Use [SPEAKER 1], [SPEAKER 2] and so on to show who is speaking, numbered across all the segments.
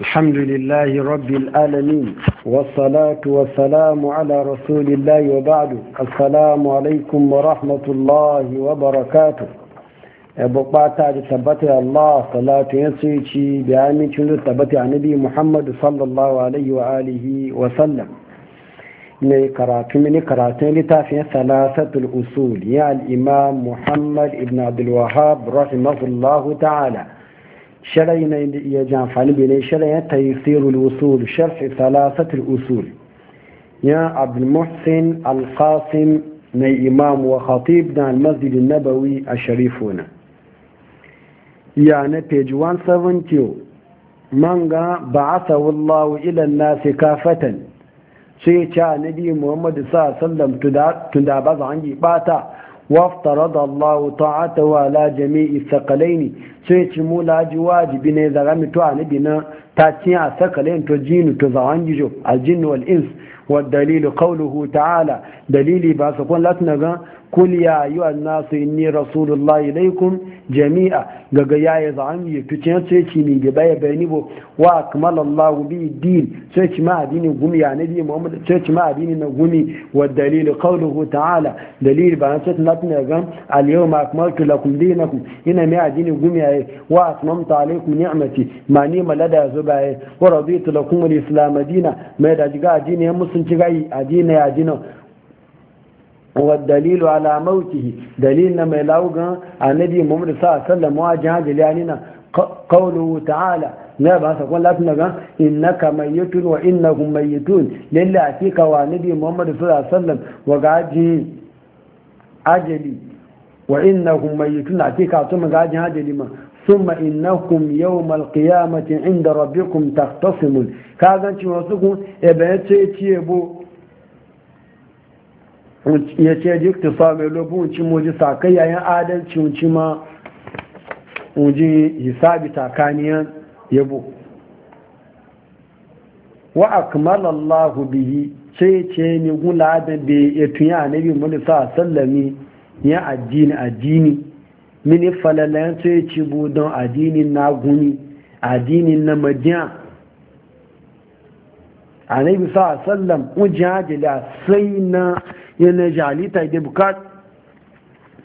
[SPEAKER 1] الحمد لله رب العالمين والصلاة والسلام على رسول الله وبعد السلام عليكم ورحمة الله وبركاته بقاتا تثبت الله صلاة ينسيتي بعامل شنو تثبت عن نبي محمد صلى الله عليه وآله وسلم ne karatu mini karatun littafin salasatul usul ya al'imam muhammad ibn abdulwahab rahimahullahu ta'ala sharai na inda iya ji amfani ne sharai ya yi sirul usul sharfi salasatul usul ya abdulmuhsin alqasim na imam wa khatib na almasjidin nabawi a sharifuna ya na page 170 man ga ba'athawallahu ila an-nasi kafatan sai ce annabi muhammadu sa sallam tunda ba za an yi bata waftarada Allah ta'ata wa la sai ci mu laji wajibi ne zara mito a anabi na ta ci a sakale to jinu to zawan gijo aljin wal ins wa dalilu qawluhu ta'ala dalili ba su kun latina ga kul ya yi wa nasu inni rasulullahi ilaykum jami'a gaga ya yi zawan gijo to ci sai ci ni ga baya bayani bo wa akmala allah bi din sai ci ma adini gumi ya nabi muhammad sai ci ma adini na gumi wa dalilu qawluhu ta'ala dalili ba sai latina ga al yau yawma akmaltu lakum dinakum ina mai adini gumi ya baye wa atmamtu alaikum ni'mati ma ni malada yazo baye wa raditu lakum al-islam dina mai da jiga addini ya musunci gai addini ya Wa والدليل على موته دليلنا ما mai النبي محمد صلى الله عليه وسلم واجه جلياننا قوله تعالى na ba sa kun lafi naga innaka mayyitun wa innahum mayyitun lalla hakika wa nabi muhammad sallallahu alaihi wasallam wa gaji ajali wa innahum mayyitun hakika to mun gaji ajali ma ثم إنكم يوم القيامة عند ربكم تختصمون كذا أنت وصلكم إبعاد تيبو ya ce jiktisa mai lobu wuce moji sakai yayin adalci wuce ma wuji hisabi takaniyar yabo wa akmalallahu bihi ce ce ne gula da bai ya tunya nabi mulisa sallami ya addini addini mini falalayen su ya ci budon addinin na guni adinin na madiya a na ibi sa'a sallam ujin hajjila sai na yana jalita da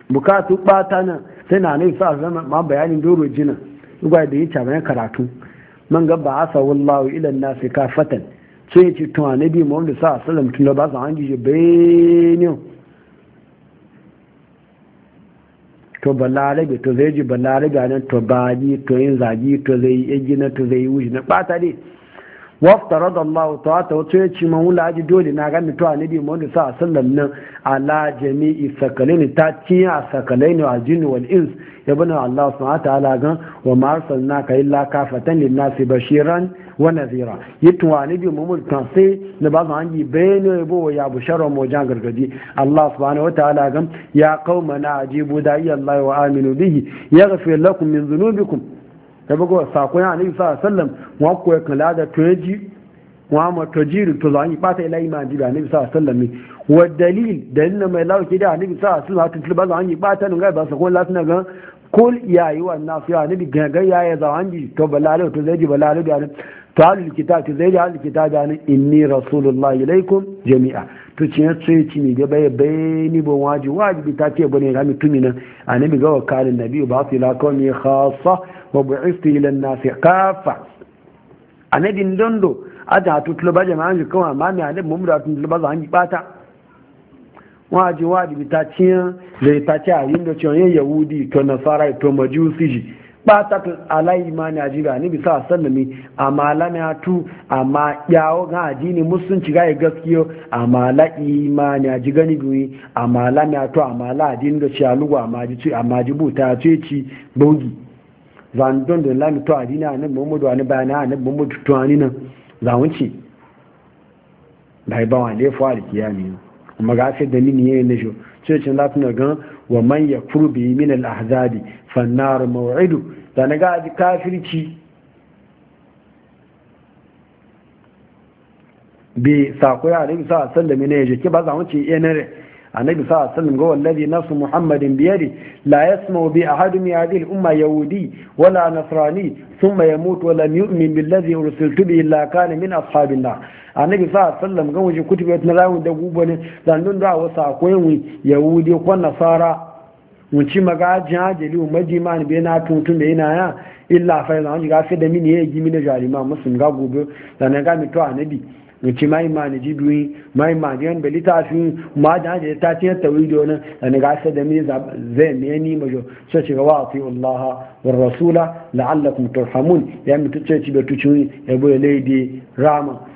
[SPEAKER 1] bukatu bata nan sai na na ibi sa'a zama ma bayanin doro jina igwa da yi cabayen karatu man ga ba asa wallahu ilan nasi kafatan sai ya ci tuwa na bi mawanda sa'a sallam tun da ba su hangi shi bayanin to balarabe to zai ji balarabe nan to baji to yin zagi to zai yi na to zai yi wuji na bata dai waftarar da Allah ta ta wata ya ci man wula dole na gani, to a ma wanda sa sallam nan ala jami'i sakalini ta ciye a sakalaini a jini wal ins ya bana Allah subhanahu wa ala gan wa ma arsalnaka illa kafatan lin nasi bashiran wa nazira yitu wa nabi muhammad kan sai na ba su hanji bayani ya bo ya bushara mu jan gargadi allah subhanahu wataala gam ya na ajibu da'i allah wa aminu bihi yaghfir lakum min dhunubikum da bugo sakon annabi sallallahu alaihi wasallam wa ko kala da toji wa ma tojiru to zan yi bata ila iman jibi annabi sallallahu alaihi wasallam wa dalil dalil na mai lauke da annabi sallallahu alaihi wasallam ba zan yi bata nun ga ba sakon lafiya ga kul yayi wannan su ya nabi gangan ya ya zawan ji to balalo to zai ji balalo da to halul kitab to zai ji halul kitab da inni rasulullahi ilaikum jami'a to ci ya ce ci ne gaba bai ni bon waji wajibi ta ce bane ga mutumi nan annabi ga wakalin nabi ba su ila kawmi khassa wa bu'istu ila an-nas kafa annabi dondo ada tutlo ba jama'an ji kawai amma ne annabi mu da tutlo ba zan yi bata wọn àti wọn àti bìtà tiẹ́ lè tàtí àyè ń lọ́tí ọ̀yẹ́ yahudi ìtọ́ nasara ìtọ́ mọ̀júsì yìí pàtàkì aláìmá ni àjíríà níbi sa a ma sannami amma lamatu amma yawo ga addini musulunci ga gaskiyo amma la'ima ni a ma ji a guri amma lamatu amma la'adini da ci alugu amma ji ci amma ji buta ce ci bogi zandon da lamatu addini a nan bambu da bayan a nan bambu tutuwa ni nan zawunci bai bawa lefuwa da kiyami yau ga magafi da mini yayin na jo cecin latin gan wa man ya kurbi min al-ahzabi fannar maw'idu da na gaji kafirci bi sakoya alaihi sa sallami ne je ke ba za mu ce enere eh annabi sa sallam ga wallahi nasu muhammadin biyadi la yasma'u bi ahad min hadhihi al-umma yahudi wala nasrani thumma yamut wa lam yu'min billazi ursiltu bihi illa kana min ashabin nar annabi sa sallam ga wajen kutubi na rawu da gubo ne zandun da wasu akwai mu yahudi ko nasara mun ci maga magajin hajjali wa majima ne bai na tuntun da yana ya illa fa yana wani gafe da mini ya gimi na jarima musulun ga gobe da na ga mito annabi mun ci mai ma ne ji duyi mai ma ne yan bali ta fi ma da hajjali ta ciyar ta wuri wani da na gafe da mini zai ne ni majo so ci ga wa'afi wallaha wa rasula la'allakum turhamun ya mutu ce ci bai tuci ya bai laidi rama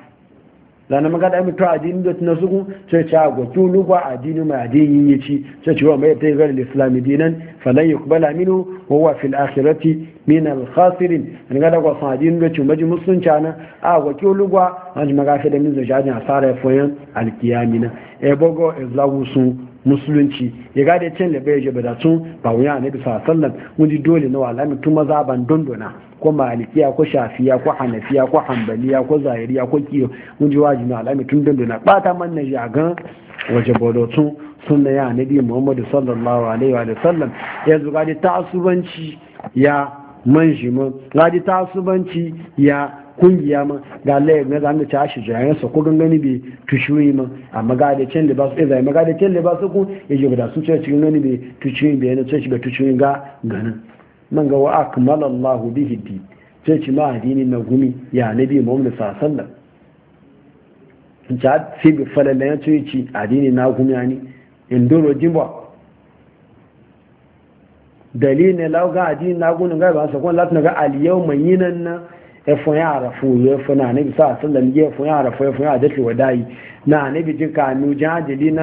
[SPEAKER 1] lana maka mi to adini da tuna suku sai ci agwa ki lugwa adini mai adini yi ci sai ci mai ta yi gari islami dinan falan yuqbala minhu wa huwa fil akhirati min al khasirin an gada kwa san adini da ci maji musulunci ana A ki lugwa an maka fi da min a tsara ya foyan alkiyamina e bogo e lawu sun musulunci e ya gada cin da bai je bada sun ba wuya nabi sallallahu alaihi wasallam mun dole na wa mutum maza ban dondona ko malikiya ko shafiya ko hanafiya ko hambaliya ko zahiriya ko kiyo mun ji waji na alami tun dan da bata man na ya waje waje bolotun sunna ya nabi muhammadu sallallahu alaihi wa sallam ya zuga da tasubanci ya manji mun gadi tasubanci ya kungiya ma ga Allah ya za mu tashi jayan sa ko gangani bi tushuyi ma amma ga da can da ba su eh, izai maga da da ba su ku ya ji da su ce cikin gani bi tushuyi bi yana ce shi ga tushuyi ga ganin man ga wa akmala Allah bihi di ce ci ma na gumi ya nabi Muhammad sallallahu alaihi wasallam ja fi bi falalla ci addini na gumi ani indoro jimba dalilin lawo ga addini na gumi ga ba sa kun latin na efun e ya arafu ya efun na nabi sallallahu na nabi jin kanu jajili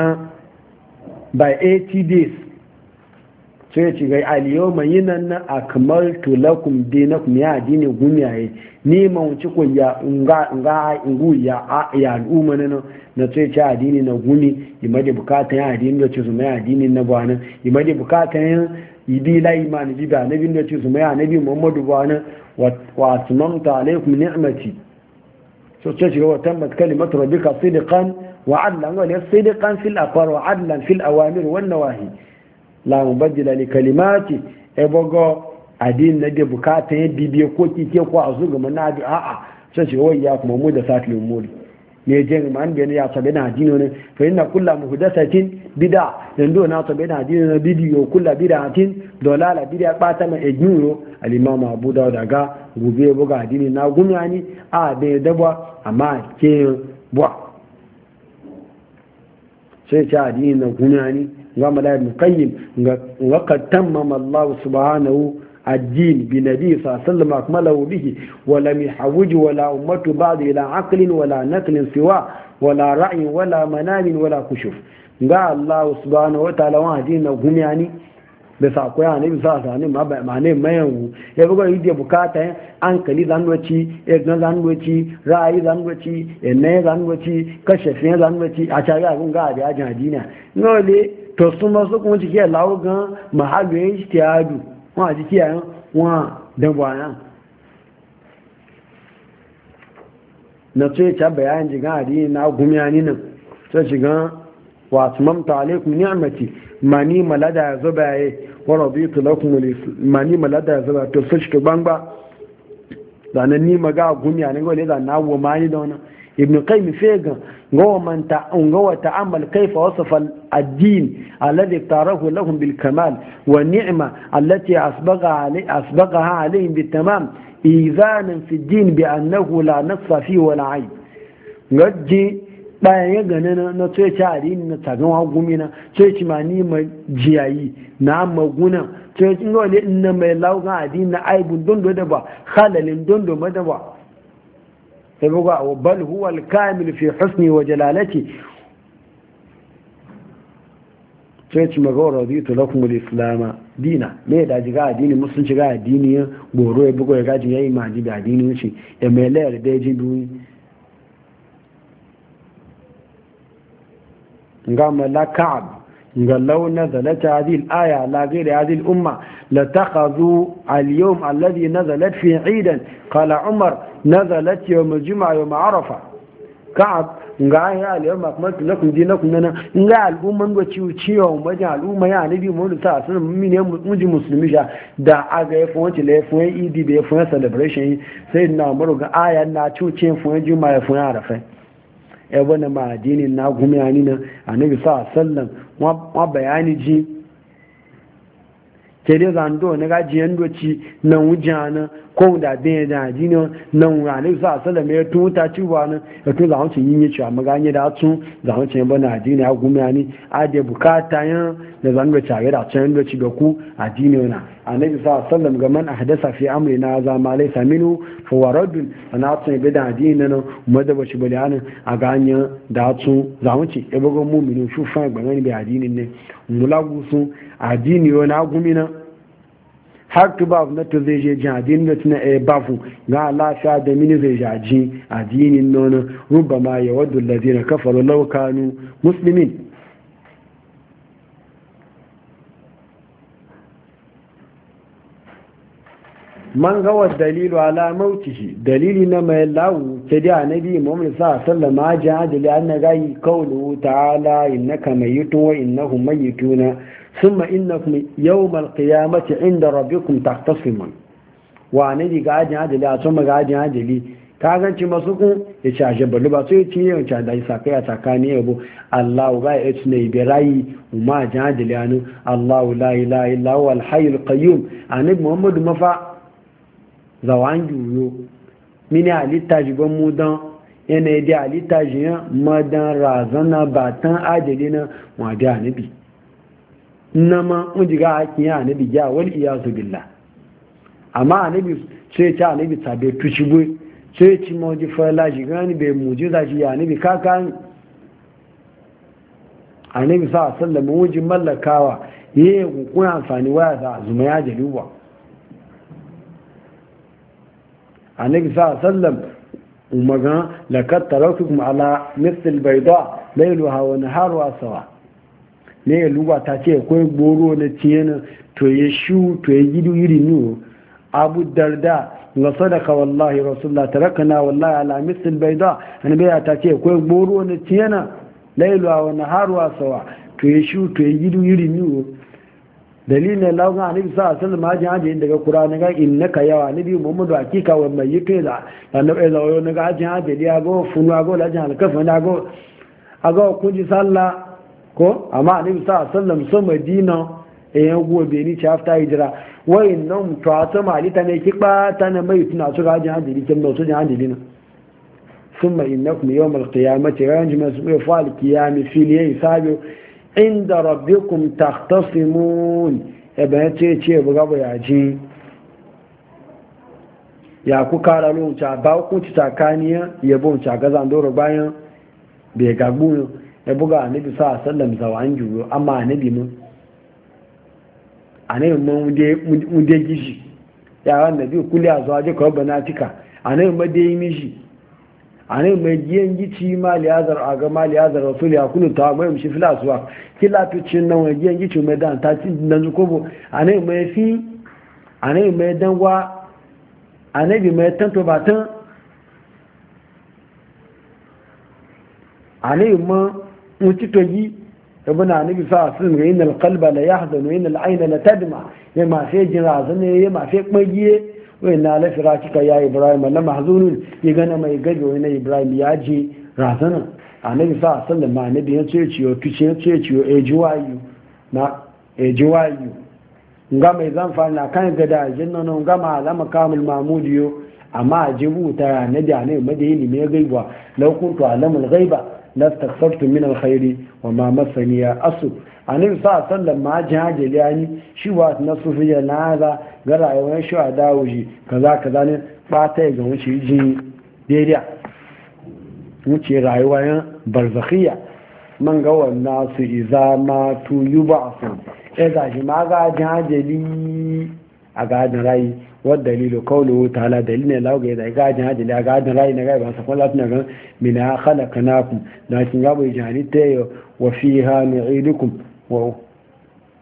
[SPEAKER 1] sai ci ga aliyo mai yinan na akmal tulakum dinakum ya dini gumiyaye ni ma wuce ko ya nga nga ingu ya ya al'umma na na sai a adini na gumi ima da bukatan ya adini da ce su mai adini na bana ima da bukatan idi la imani bi da nabi da ce su mai annabi muhammadu bana wa atmamta alaikum ni'mati so sai ci wa tammat kalimatu rabbika sidqan wa adlan wa sidqan fil aqwal wa adlan fil awamir wan nawahi la bajila ni kalimati e bogo adin na da bukata ya bibiye ko kike ko azu ga mana bi a'a sai ce wai ya kuma mu da satil muri ne je ma an gani ya sabe na adino ne fa inna kullu muhdathatin bid'a dan do na sabe na adino na bidiyo kullu bid'atin dalala bid'a bata ma ejuro al imam abu dawud daga gube boga adini na gumani a da dabwa amma ke bwa sai ta adini na gumani ga mala ibn nga ga qad tammama Allah subhanahu الدين بنبي صلى الله عليه وسلم أكمله به ولم يحوج ولا أمة بعد إلى عقل ولا نقل siwa ولا رأي ولا منام ولا كشف قال الله سبحانه وتعالى وهدينا هم يعني da sako ya nabi da sa ne ma ne mayan ya buga yi bukata an kali zanwaci ya ga zanwaci ra'ayi zanwaci ya ne zanwaci kashe fiye zanwaci a ta ga gun ga ajin to sun ma su kuma jike lawo gan mahalu ya yi tiyadu wọn a jike yayin wọn dabuwa nan na ce ta bayan jigan adini na gumiyani nan ta shigan wasu mamta ni ni'amati mani malada ya zuba ya yi wa rabitu lakum mani malada ya zuba to sun shi to gbangba zanen ni maga gumiya ne gwale zanen abuwa mani da wani ibn qayyim fega ngawa man ta ngawa ta'ammal kayfa wasafa ad-din alladhi tarahu lahum bil kamal wa ni'ma allati asbagha alay asbaghaha alayhim bit tamam izanan fi ad-din bi annahu la naqsa fi wa la ayb ngaji bayan ya gane na tsoye ci a na tsagan hagumi na tsoye ci ma ni ma jiyayi na maguna tsoye ci ngawa ne na mai lauga adini na aibun dondo da ba halalin dondo ma da ba يبقى بل هو الكامل في حسني وجلالتي sai maga wa raditu lakum al-islam dina me da ji ga addini musun ci ga addini goro ya bugo ya gaji yayi ma ji ga addini shi ya mai layar da ji duyi nga malakab nga launa zalata hadhihi aya la ghayri hadhihi al-umma la takhadhu al-yawm alladhi nazalat fi 'idan kala umar nazalat yawm al-jum'a yawm arafa ka'ab nga ya al-yawm akmaltu lakum dinakum nana nga al-umman go ciwo ciwo majin al-umma ya nabi mu ta sun min ya muji muslimi ja da aga ya fon ci le fon idi be fon celebration sai na umaru ga aya na cuce fon juma'a fon arafa e wani ma addinin na gumi anina annabi sa sallam wa bayani ji kede zando na gajiyan doci na wujana ko da bin da ajini nan wani sa sallam ya tuta ci wani ya tuta hanci yin yi cewa maganye da su da hanci ba na ajini a gumi ni a da bukata yan da zan da tare da can da ci da ku ajini na annabi sa sallam ga man ahdasa fi amri na za ma laysa minhu fa warad ana tun bi da ajini na mu da bashi bali an a ganye da su za mu ci e bugo mu minu shufa gbanan bi ajini ne mulagu su gumi na har tu ba na tu zai je jihadin na tuna a eh, bafu ga lafiya da mini zai jaji addinin nono rubama ya wadda lazina kafaru laukanu muslimin man gawa dalilu ala mautihi dalili na mai lawu ta da annabi muhammad sa sallama ji adali an na gayi kaulu ta'ala innaka mayyitun wa innahum mayyituna thumma innakum yawmal qiyamati inda rabbikum tahtasimun wa annabi ga ajin adali a tsoma ga ajin adali ka ganci masu kun ya ci ashe balu ba sai ci yau ci da isa kai a tsakani yabo Allah ga ya ci ne birayi umma ajin adali anu Allah la ilaha illa huwa al hayyul qayyum annabi muhammad mafa zawan juyo mini halitta shi ban mu don yana da halitta shi madan razana batan ajali na wadi anibi nama ma jiga hakin ya anibi ya wal iyazu billah amma anibi sai ta anibi sabe tushi gwe sai ci mawaji fara ji gani bai mujiza shi ya kakan anibi sa sallama wujin mallakawa yi kuna amfani waya da zuma ya wa. annabi sa sallam umaga laqad taraktukum ala mithl bayda laylaha wa naharuha sawa ne luwa ta ce akwai goro na tiyana to ya shu to ya gidu iri nu abu darda ga sadaka wallahi rasulullah na wallahi ala mithl bayda annabi ta ce akwai goro na tiyana laylaha wa naharuha sawa to ya shu to ya gidu iri nu dalilin lauga anabi sa sallu ma ji haji daga qur'ani ga innaka yawa nabi muhammadu hakika wa mai yake da annabi da ni naga haji haji ya go funu go la jan kafa na go aga ku ji sallah ko amma anabi sa sallam so madina e ya go be ni cha hijra wa innam ta'ata malita ne kiba ta na mai tuna su ga haji haji kin da jan haji din ثم إنكم يوم القيامة رانج مسؤول فالقيام في ليه inda rabbikum tahtasimun ebe ya ce ce buga bu ji ya ku kara lunca ba hukunci takaniya ya bunca ga zandoro bayan ga gagbu ya e buga anabi sa sallam zawa an juyo amma annabi mun annabi mun mun de gishi ya annabi kulli ko bana banatika annabi ma de yi mishi a mai giyan gici liyazar a ga maliyazar rasul ya kunu ta mai mishi filasuwa kila tucin nan mai giyan gici mai dan ta ci nan zukobo a ne mai fi a mai dangwa a ne bi mai tanto batan a ne ma to yi ibn anabi sa sun ga inal qalba la yahzanu inal ayna la tadma ya ma sai jira zane ya ma sai kwagiye wai na lafira kika ya ibrahim na mahzunin ya gana mai gajo na ibrahim ya je razana annabi sa sallam ma annabi ya ce ciyo kice ya ce ciyo ejiwayu na ejiwayu nga mai zanfa na kan gada aljanna na nga ma alama kamul mamudiyo amma ajibu ta annabi annabi madayi ne ya gaiba law kuntu alamul na lastaghfartu min alkhairi wa ma masaniya asu annabi sa sallan ma jihar liyani shi wa na ya na za ga rayuwar shi a dawo shi kaza kaza ne bata ga wuce ji daidai wuce rayuwar barzakhiya man ga wannan su iza ma tu yi ba su ya e shi ma ga jihar jeli a gadin rayu wa dalilu kawo ta'ala dalilin da ya zai gajin hajjali a gadin rayu na ba sakon kullatu na ga mina halaka nakum na kin gabo jihani ta yi wa fiha ha nu'idukum wa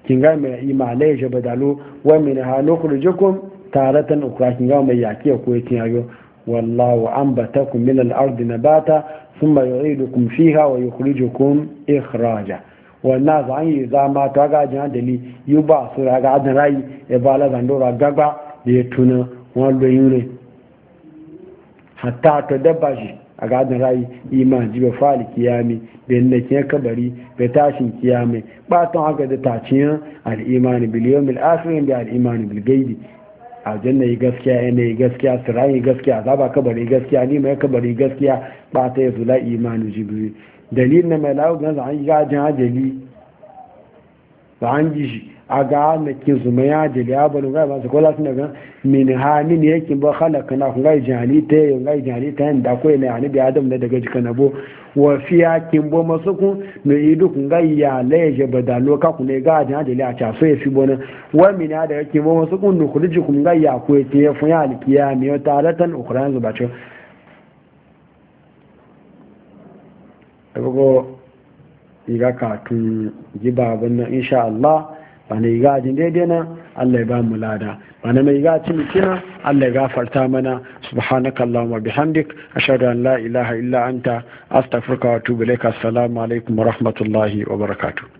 [SPEAKER 1] kinga mai imalai ya badalo wa min halu kurjukum taratan ukra kinga mai yaki ko yakin yayo wallahu ambatakum min al-ardi nabata thumma yu'idukum fiha wa yukhrijukum ikhraja za an yi zama ta gajin adali yi ba su ga adin rayi ya e ba la zandora gagba da ya tuna wani yi ne, hatta ta dabba shi a gadin rayi iman jibe fali kiyami bai kabari bai tashin kiyami baton haka da taciyan al'imani biliyon asirin da al'imani bilgaidi janna yi gaskiya yana yi gaskiya sirayi gaskiya zaba kabari gaskiya ni mai kabari gaskiya ba ta yi zula imanu jibiri dalilin na mai lawo ganzu an yi gajin ajali ba an ji a ga na ke zuma ya jeli ya bani ga masu kola suna ga min ha ni min yake ba halaka na kun ga jali ta yi ga jali ta yin da koyi na yani da adam da daga jika na bo wa fiya kin bo masu kun na idu kun ga ya laye ba da loka kun ne ga jan jeli a caso ya fi bonan wa min ya daga kin bo masu kun na kurji kun ga ya koyi ta ya fun ya alkiya mai wata alatan ukuran zubacin. Ebogo iga katun giba abin nan insha Allah ba na iga ajin daidai na Allah ya ba mu lada ba na mai iga ci mikina Allah ya gafarta mana subhanaka wa bihamdik ashhadu an la ilaha illa anta astaghfiruka wa atubu ilaik assalamu alaikum wa rahmatullahi wa barakatuh